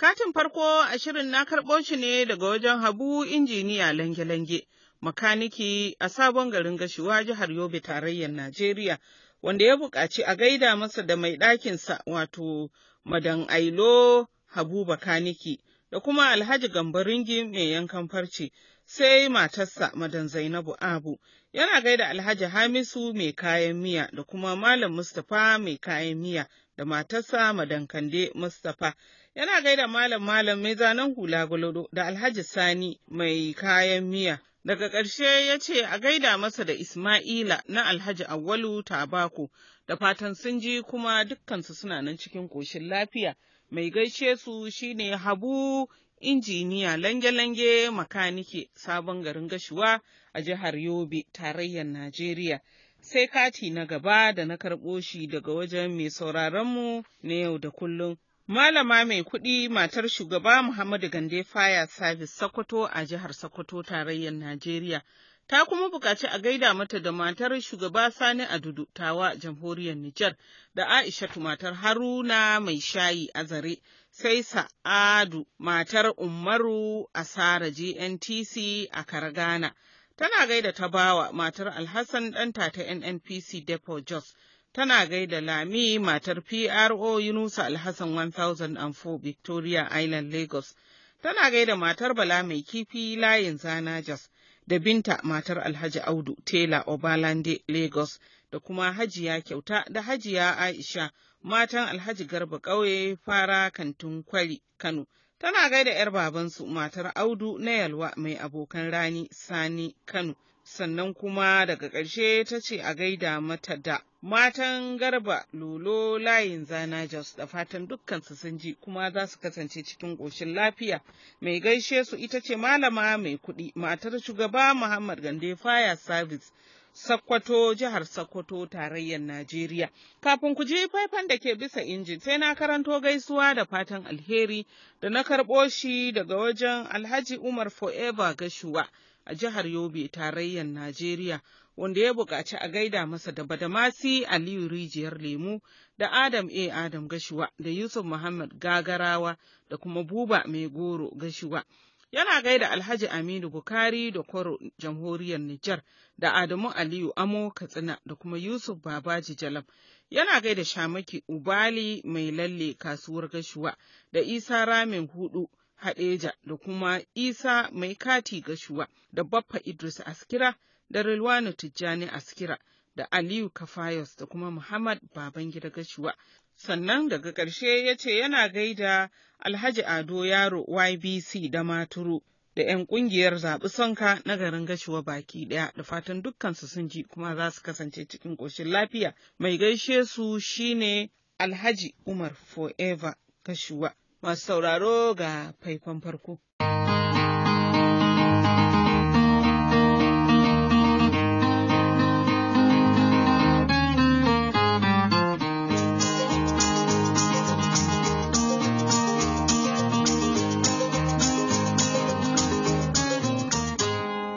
Katin farko ashirin na karɓo shi ne daga wajen Habu injiniya lange-lange, makaniki a sabon garin gashuwa jihar Yobe tarayyar Najeriya, wanda ya buƙaci a gaida masa da mai ɗakinsa wato Madan Ailo Habu Bakaniki da kuma Alhaji Gambaringi mai yankan farce. sai matarsa madan Zainabu Abu yana gaida Alhaji Hamisu mai kayan miya da kuma Malam Mustapha mai kayan miya da matarsa madan Kande Mustapha Yana gaida malam malam mai zanen hula gwalado da Alhaji Sani mai kayan miya. Daga ƙarshe ya ce a gaida masa da Ismaila na Alhaji Awwalu Tabako da fatan sun ji kuma dukkansu suna nan cikin ƙoshin lafiya. Mai gaishe su shine Habu injiniya lange-lange makanike sabon garin gashuwa a jihar Yobe, tarayyar Najeriya. Sai kati na gaba da na karɓo shi daga wajen mai sauraronmu na yau da kullum Malama mai kuɗi matar shugaba Muhammadu Gande Faya Service Sokoto a jihar Sokoto tarayyar Najeriya. Ta kuma buƙaci a gaida mata da matar shugaba Sani Adudu tawa jamhuriyar Nijar da Aishatu matar Haruna mai shayi a zare sai Sa'adu matar Umaru Asara GNTC a Karagana. Tana gaida ta bawa matar Alhassan ɗanta ta NNPC Depo Jos tana gaida Lami matar PRO Yunusa Alhassan 1004 Victoria Island Lagos, tana gaida matar Bala mai kifi layin zana jos da binta matar Alhaji Audu Tela Obalande Lagos da kuma Hajiya Kyauta da Hajiya Aisha matan Alhaji Garba ƙauye fara kantin kwari Kano. Tana gaida ‘yar babansu matar Audu na Yalwa mai abokan rani Sani Kano. sannan kuma daga ƙarshe ta ce a gaida mata da matan garba lolo layin zana jos da fatan dukkan su sun ji kuma za su kasance cikin ƙoshin lafiya mai gaishe su ita ce malama mai kuɗi matar shugaba muhammad gande fire service Sakkwato jihar Sakkwato tarayyar Najeriya. Kafin ku ji faifan da ke bisa injin sai na karanto gaisuwa da fatan alheri da na karɓo shi daga wajen Alhaji Umar Forever Gashuwa. a jihar Yobe tarayyar Najeriya wanda ya buƙaci a gaida masa da Badamasi Aliyu Rijiyar Lemu da Adam A. Adam Gashuwa da Yusuf Muhammad Gagarawa da kuma Buba Mai Goro Gashuwa. Yana gaida Alhaji Aminu Bukari da Kwaro Jamhuriyar Nijar da Adamu Aliyu Amo Katsina da kuma Yusuf Babaji Jalam. yana gaida shamaki ubali mai lalle kasuwar gashuwa da isa ramin hudu Hadeja da kuma Isa mai kati gashuwa da Baffa Idris Askira da Rilwanu Tijjani Askira da Aliyu Kafayos da kuma Muhammad Babangida gashuwa. Sannan daga ƙarshe ya ce yana gaida Alhaji Ado Yaro YBC da Maturu da 'yan ƙungiyar zaɓi sonka na garin gashuwa baki ɗaya da fatan dukkansu sun ji kuma za su kasance cikin ƙoshin lafiya. Mai gaishe su shine Alhaji Umar Forever gashuwa. masu sauraro ga faifan farko.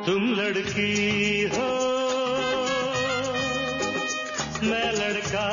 तुम लड़की हो मैं लड़का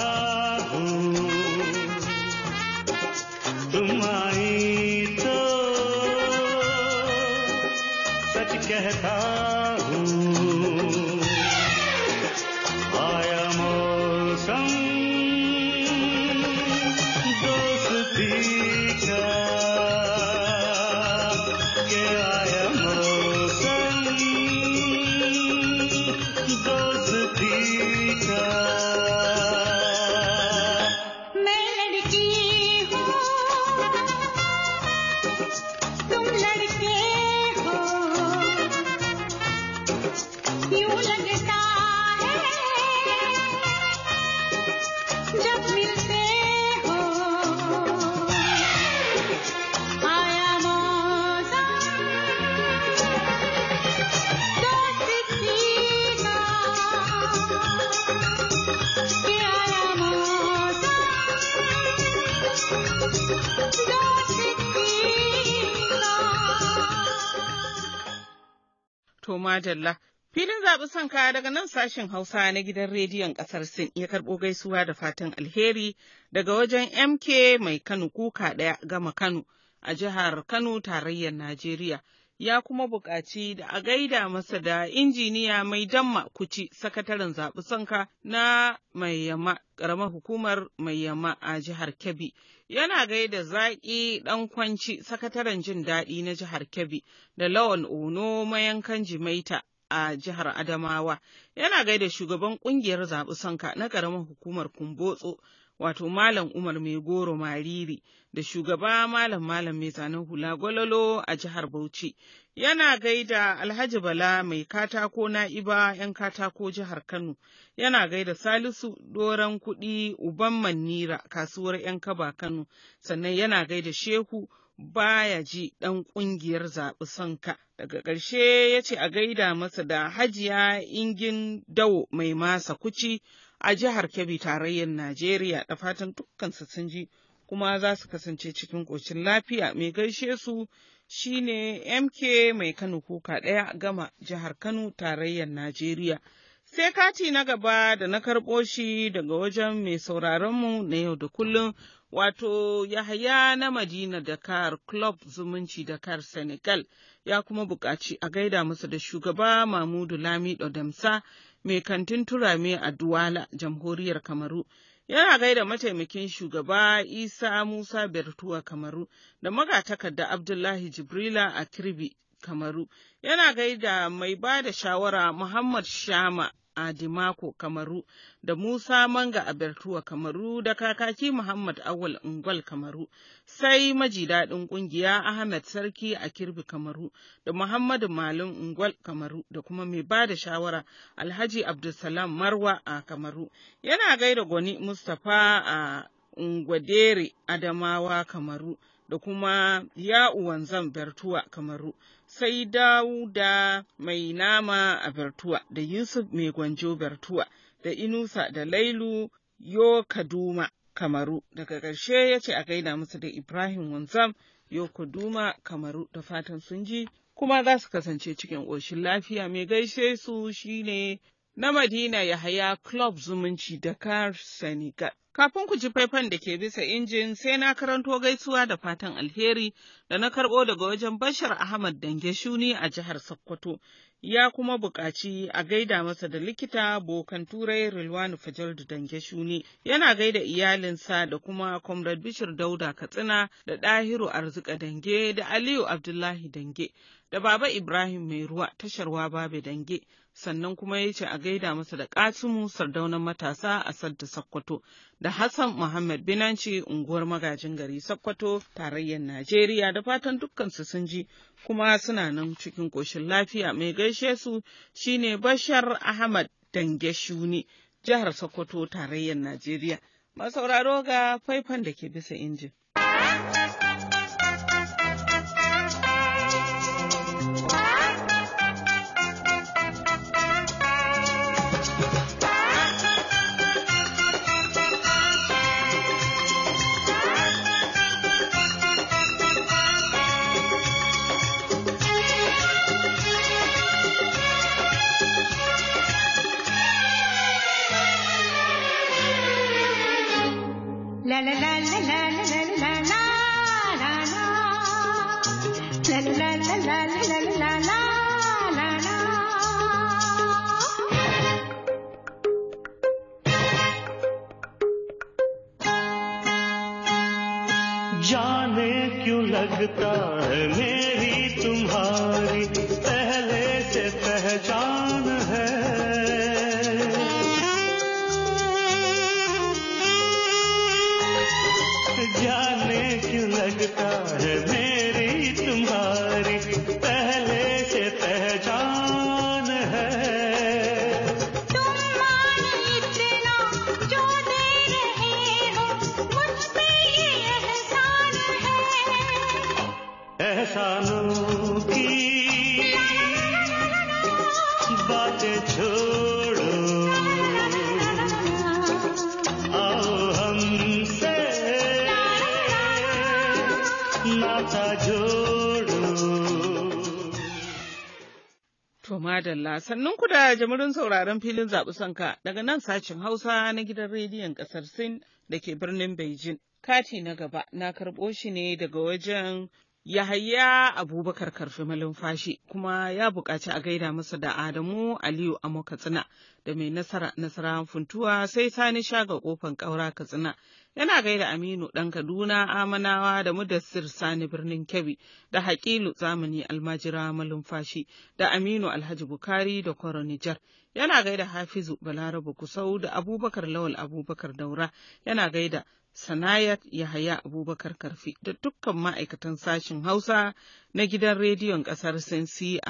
Madalla. Filin zaɓi son kaya daga nan sashen Hausa na gidan rediyon ƙasar Sin ya karɓo gaisuwa da fatan alheri daga wajen MK mai Kano kuka ɗaya gama Kano a jihar Kano tarayyar Najeriya. ya kuma buƙaci da a gaida masa da injiniya mai damma kuci sakataren zaɓi sanka na mayyama ƙaramar hukumar mayyama a jihar Kebbi. Yana gaida zaƙi ɗan kwanci sakataren jin daɗi na jihar Kebbi da lawan ono mayankan jimaita a jihar Adamawa. Yana gaida shugaban ƙungiyar zaɓi sanka na ƙaramar hukumar Kumbotso wato Malam Umar Mai Goro Mariri da shugaba Malam Malam Mai Zanen Hula Gwalolo a jihar Bauchi. Yana gaida Alhaji Bala Mai Katako Na'iba 'yan Katako jihar Kano. Yana gaida Salisu Doron Kuɗi Uban Manira kasuwar 'yan Kaba Kano. Sannan yana gaida Shehu baya ji ɗan ƙungiyar zaɓi sanka. Daga ƙarshe ya ce a gaida masa da hajiya ingin dawo mai masa kuci a jihar Kebbi tarayyar Najeriya da fatan dukkan su sun ji kuma za su kasance cikin ƙocin lafiya mai gaishe su shine MK mai Kano kuka ɗaya gama jihar Kano tarayyar Najeriya. Sai kati na gaba da na karɓo shi daga wajen mai sauraronmu na yau da kullum wato Yahaya na Madina Dakar Club Zumunci Dakar Senegal ya kuma buƙaci a gaida masa da shugaba Mamudu Lamido Damsa mai kantin turame a Duwala, jamhuriyar Kamaru. Yana gaida mataimakin shugaba Isa Musa Bertuwa Kamaru da magatakarda Abdullahi Jibrila a Kirbi, Kamaru. Yana gaida mai ba da shawara Muhammad Shama Adimako Kamaru da Musa Manga a Bertuwa Kamaru da kakaki Muhammad Awal Ungwal Kamaru, sai maji daɗin ƙungiya Ahmed Sarki a Kirbi Kamaru da Muhammadu Malin Ungwal Kamaru da kuma mai ba da shawara Alhaji Abdulsalam Marwa a Kamaru. Yana gaida Gwani Mustapha a Ngwadere Adamawa Kamaru. da kuma ya'u zan Bertuwa Kamaru, sai Dawuda mai nama a Bertuwa da Yusuf mai gwanjo Bertuwa da Inusa da Lailu Yo Kaduma Kamaru. Daga ƙarshe ya ce a gaida musu da Ibrahim wanzam Yo Kaduma Kamaru da fatan sun ji kuma za su kasance cikin ƙoshin lafiya mai gaishe su shine na Madina Yahaya Club Zumunci Dakar Senegal. Kafin ku ji faifan da ke bisa injin sai na karanto gaisuwa da fatan alheri da na karɓo daga wajen Bashar Ahmad Dange Shuni a jihar Sokoto, ya kuma buƙaci a gaida masa da likita bokan turai Rilwanu Fajardu Dange Shuni, yana gaida iyalinsa da kuma Comrade Bishir Dauda Katsina da Ɗahiru Arzika Dange da Aliyu Abdullahi Dange. da Baba Ibrahim mai ruwa tashar Wababe Dange, sannan kuma ya ce a gaida masa da ƙasimu, sardaunan matasa a Sadda Sokoto da Hassan Muhammad Binanci unguwar magajin gari Sokoto tarayyar Najeriya da fatan dukkansu sun ji kuma suna nan cikin ƙoshin lafiya mai gaishe su shine Bashar Ahmad Dange Shuni jihar Sokoto tarayyar Najeriya. Masauraro ga faifan da ke bisa injin. la madalla sannan ku da jamurin sauraron filin zaɓi sanka daga nan sashin Hausa na gidan rediyon ƙasar Sin da ke birnin Beijing. Kati na gaba na karɓo shi ne daga wajen Yahaya Abubakar Karfi Malumfashi kuma ya buƙaci a gaida masa da Adamu Aliyu Amo Katsina da mai nasara nasara funtuwa sai sani shaga kofan ƙaura Katsina. Yana gaida Aminu ɗan Kaduna Amanawa da Mudassir Sani birnin Kebbi da Hakilu Zamani Almajira Malumfashi da Aminu Alhaji Bukari da Kwaro Nijar. Yana gaida Hafizu balarabu Kusau da Abubakar Lawal Abubakar Daura yana gaida Sanayat Yahaya Abubakar Karfi da dukkan ma'aikatan sashen Hausa na gidan rediyon ƙasar Sin CRI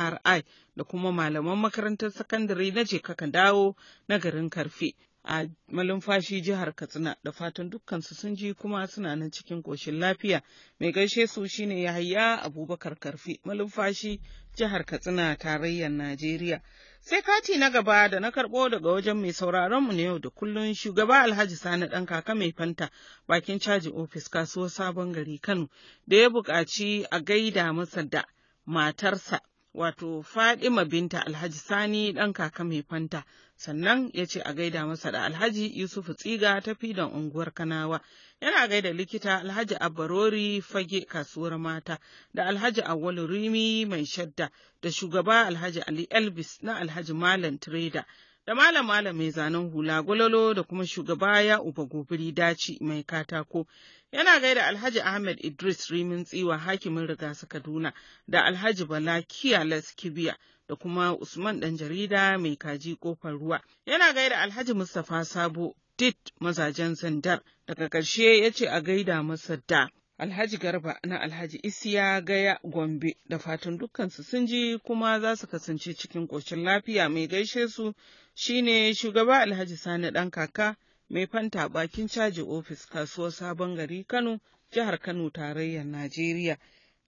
da kuma malaman makarantar sakandare na je kaka dawo na garin Karfi a malumfashi jihar Katsina da fatan dukkansu sun ji kuma suna nan cikin ƙoshin lafiya. Mai gaishe su shine Yahaya Abubakar Karfi malumfashi jihar Katsina tarayyar Najeriya. Sai kati na gaba da na karɓo daga wajen mai sauraronmu na yau da kullun shugaba Alhaji Sani ɗan kaka mai fanta bakin caji ofis kasuwar sabon gari Kano da ya buƙaci a gaida masa da matarsa wato Fadima binta Alhaji Sani ɗan kaka mai fanta, sannan ya ce a gaida masa da Alhaji Yusufu Tsiga ta fidan unguwar Kanawa, yana gaida likita Alhaji Abarori fage kasuwar mata da Alhaji Awwalu Rimi mai shadda da shugaba Alhaji Ali Elvis na Alhaji Malam Trader da malam malam mai zanen hula gwalolo da kuma shugaba ya uba gobiri daci mai katako yana gaida alhaji ahmed idris rimin tsiwa hakimin rigasa kaduna da alhaji bala kiyalas kibiya da kuma usman dan jarida mai kaji kofar ruwa yana gaida alhaji mustapha sabo dit mazajen zandar daga ƙarshe ya ce a gaida masa da Alhaji Garba na Alhaji Isiya Gaya Gombe da fatan dukkansu sun ji kuma za su kasance cikin ƙoshin lafiya mai gaishe su shine shugaba Alhaji Sani ɗan kaka mai fanta bakin caji ofis kasuwar sabon gari Kano jihar Kano tarayyar Najeriya.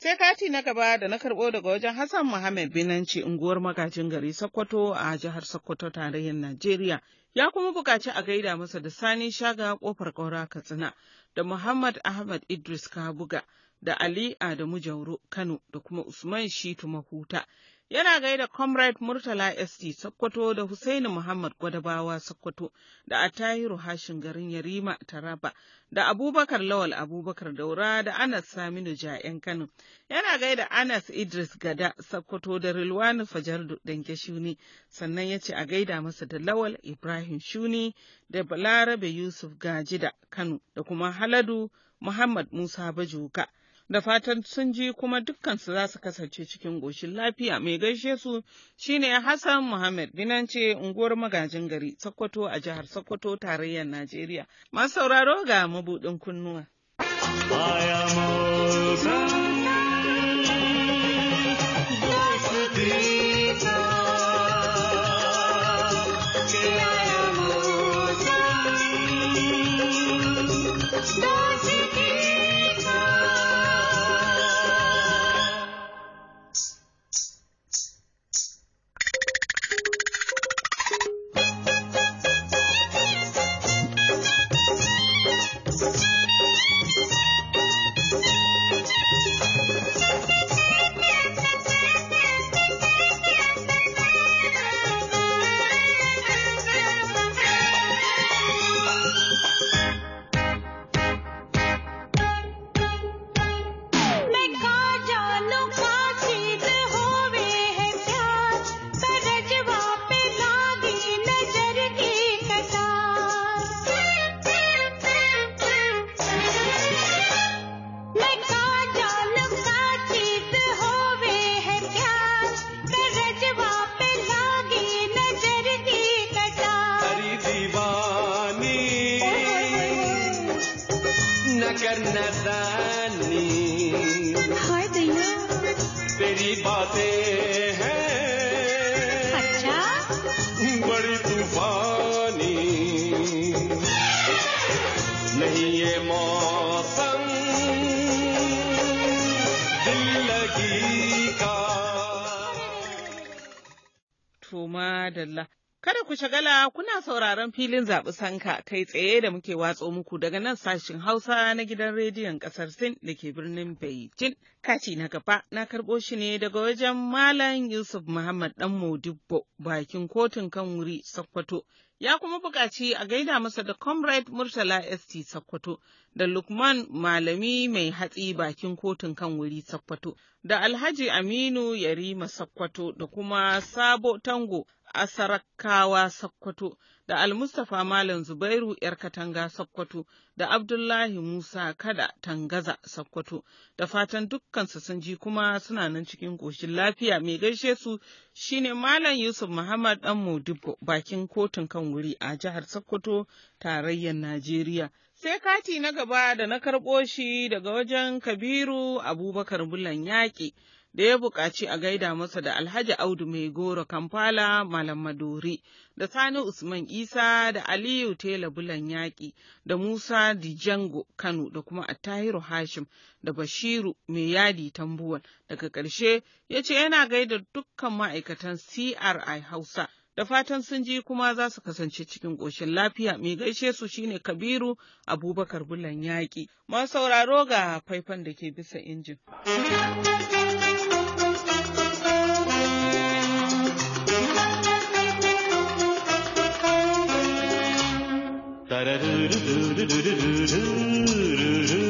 Sai kati na gaba da na karɓo daga wajen Hassan Muhammad Binanci unguwar magajin gari Sokoto a jihar Sokoto tarayyar Najeriya ya kuma buƙaci a gaida masa da Sani Shaga kofar ƙaura Katsina da Muhammad Ahmad Idris Kabuga da Ali Adamu Jauro Kano da kuma Usman Shitu Mahuta yana gaida comrade Murtala ST Sokoto da Husaini Muhammad Gwadabawa Sokoto da Atahiru Hashin garin Yarima Taraba da Abubakar Lawal Abubakar Daura da Anas Saminu Ja'en Kano. Yana gaida Anas Idris Gada Sokoto da Rilwani Fajardu Danke Shuni sannan ya ce a gaida masa da Lawal Ibrahim Shuni da Balarabe Yusuf Gaji da Kano da kuma Haladu Muhammad Musa Bajuka. da fatan sun ji kuma dukkansu za su kasance cikin goshin lafiya mai gaishe su shine Hassan Muhammad Binance unguwar magajin gari Sokoto a jihar Sokoto tarayyar Najeriya. Masu sauraro ga mabudin kunnuwa. तेरी बातें हैं अच्छा बड़ी तूफानी नहीं ये मौसम दिल का ठुमा डल्ला Kada ku shagala kuna sauraron filin zaɓi sanka kai tsaye da muke watso muku daga nan sashin Hausa na gidan rediyon ƙasar Sin da ke birnin Beijing. Kati na gaba na karɓo shi ne daga wajen Malam Yusuf Muhammad ɗan Modibbo bakin kotun kan wuri Sokoto. Ya kuma buƙaci a gaida masa da Comrade Murtala ST Sokoto da Lukman Malami mai hatsi bakin kotun kan wuri Sokoto da Alhaji Aminu Yarima Sokoto da kuma Sabo Tango Asarakawa Sokoto da Al-Mustapha Malam Zubairu ‘yar Katanga Sokoto da Abdullahi Musa Kada Tangaza Sokoto da fatan dukkansu sun ji kuma suna nan cikin ƙoshin lafiya mai gaishe su shine Malam Yusuf Muhammad Dan Modibo bakin kotun kan wuri a jihar Sokoto tarayyar Najeriya. Sai kati na gaba da na karɓo shi daga wajen Kabiru Abubakar Bulan Yaƙi. da ya buƙaci a gaida masa da Alhaji Audu Mai Goro Kampala Malam Madori da Sani Usman Isa da Aliyu Tela Bulan Yaƙi da Musa Dijango Kano da kuma Attahiru Hashim da Bashiru Mai Yadi Tambuwan. daga ƙarshe ya ce yana gaida dukkan ma'aikatan CRI Hausa. Da fatan sun ji kuma za su kasance cikin ƙoshin lafiya mai gaishe su shine Kabiru Abubakar Bulan Yaƙi. masauraro ga faifan da ke bisa injin. da da do do do do do do do do do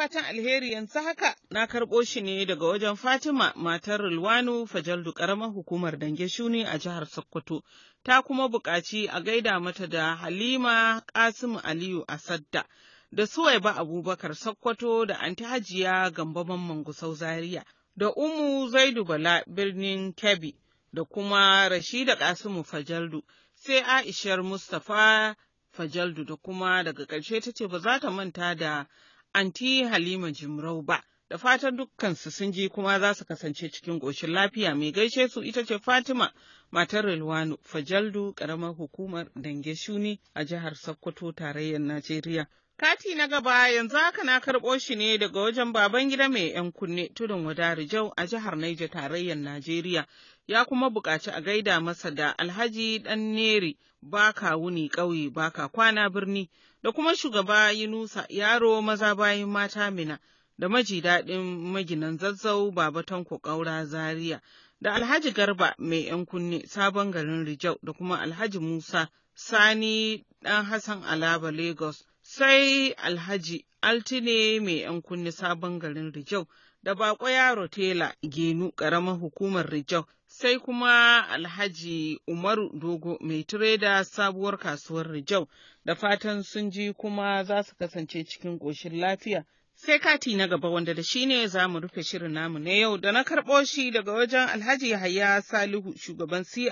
fatan alheri yanzu haka na karɓo shi ne daga wajen Fatima matar Rulwanu Fajaldu ƙaramar hukumar Dange Shuni a jihar Sokoto. Ta kuma buƙaci a gaida mata da Halima Kasimu Aliyu Asadda da Suwaiba Abubakar Sokoto da Anti Hajiya Gambo Mamman Gusau Zaria da Umu Zaidu Bala birnin Kebbi da kuma Rashida Kasimu Fajaldu sai Aishar Mustapha Fajaldu da kuma daga ƙarshe ta ce ba za ta manta da anti Halima Jimrau ba. Da fatan dukkansu sun ji kuma za su kasance cikin ƙoshin lafiya mai gaishe su ita ce Fatima matar Rilwanu Fajaldu ƙaramar hukumar Dange Shuni a jihar Sokoto tarayyar Najeriya. Kati na gaba yanzu haka na karɓo shi ne daga wajen baban gida mai 'yan kunne tudun wadari jau a jihar Naija tarayyar Najeriya ya kuma buƙaci a gaida masa da Alhaji Neri ba ka wuni ƙauye ba ka kwana birni da kuma shugaba Yunusa yaro maza bayan mata mina da maji daɗin maginan zazzau baba tanko ƙaura zaria da alhaji garba mai yan kunne sabon garin rijau da kuma alhaji musa sani ɗan hassan alaba lagos sai alhaji altine mai yan kunne sabon garin rijau da bako yaro tela genu ƙaramar hukumar rijau sai kuma Alhaji Umaru Dogo mai da sabuwar kasuwar Rijau da fatan sun ji kuma za su kasance cikin ƙoshin lafiya. Sai kati na gaba wanda da shi ne za mu rufe shirin namu na yau da na karɓo shi daga wajen Alhaji Yahaya Salihu shugaban CRI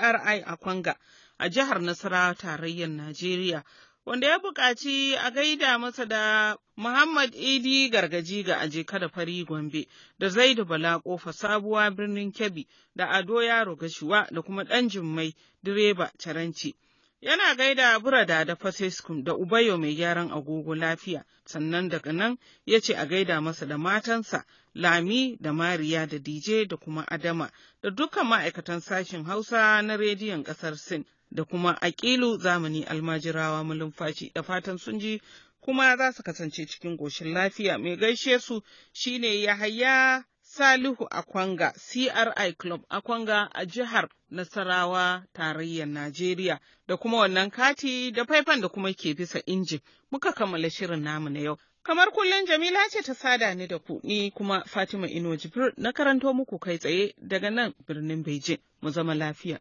a Kwanga a jihar Nasarawa tarayyar Najeriya wanda ya buƙaci a gaida masa da Muhammad Idi Gargaji ga aje kada fari Gombe da Zaidu Bala ƙofa sabuwa birnin Kebbi da Ado Yaro Gashuwa da kuma ɗan Jummai direba Caranci. Yana gaida burada da Faseskum da Ubayo mai gyaran agogo lafiya, sannan daga nan ya ce a gaida masa da matansa Lami da Mariya da DJ da kuma Adama da dukkan ma'aikatan sashin Hausa na rediyon ƙasar Sin da kuma aƙilu zamani almajirawa mulumfaci da fatan sun ji kuma za su kasance cikin goshin lafiya mai gaishe su shine Yahaya Salihu Akwanga CRI Club Akwanga a jihar Nasarawa tarayyar Najeriya da kuma wannan kati da faifan da kuma ke bisa injin muka kammala shirin namu na yau. Kamar kullum Jamila ce ta sada ni da ku ni kuma Fatima Ino Jibril na karanto muku kai tsaye daga nan birnin Beijing mu zama lafiya.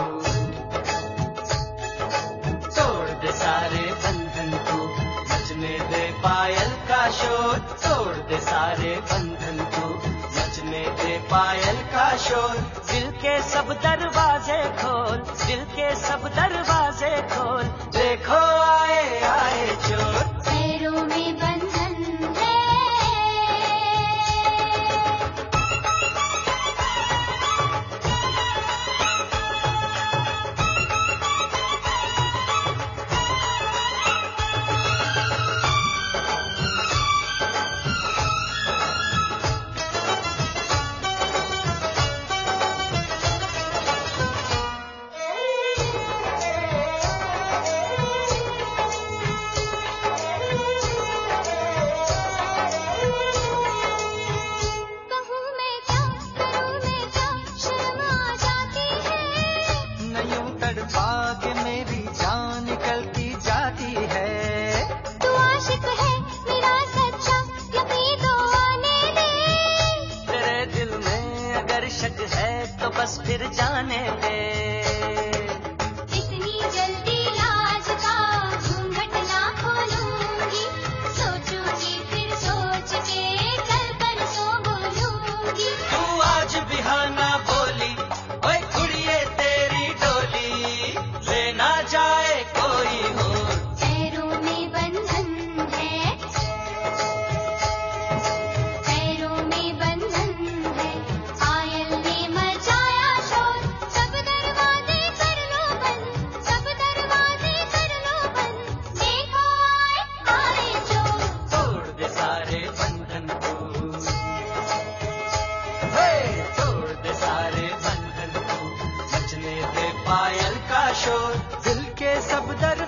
फिर जाने दे पायल का शोर दिल के सब दर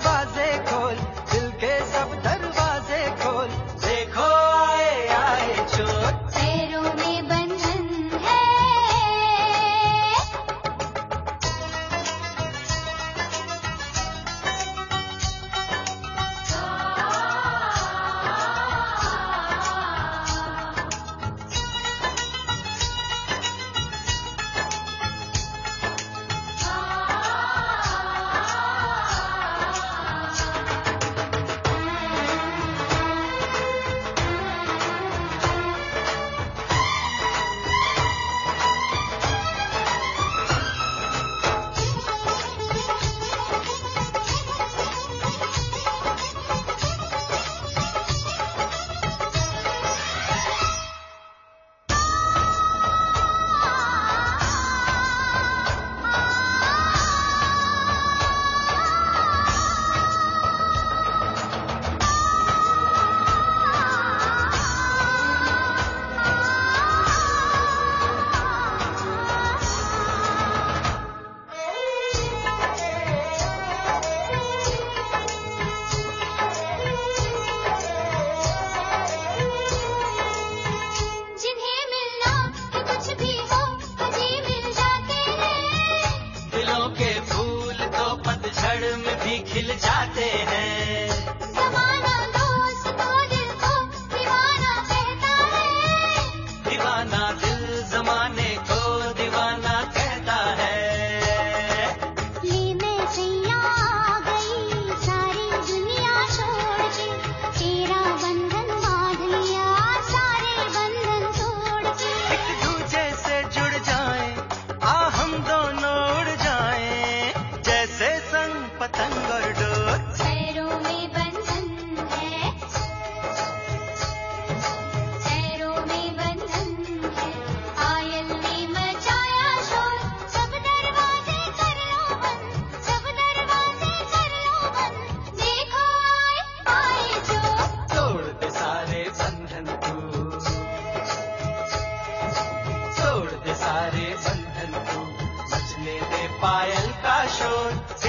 पायल का शोर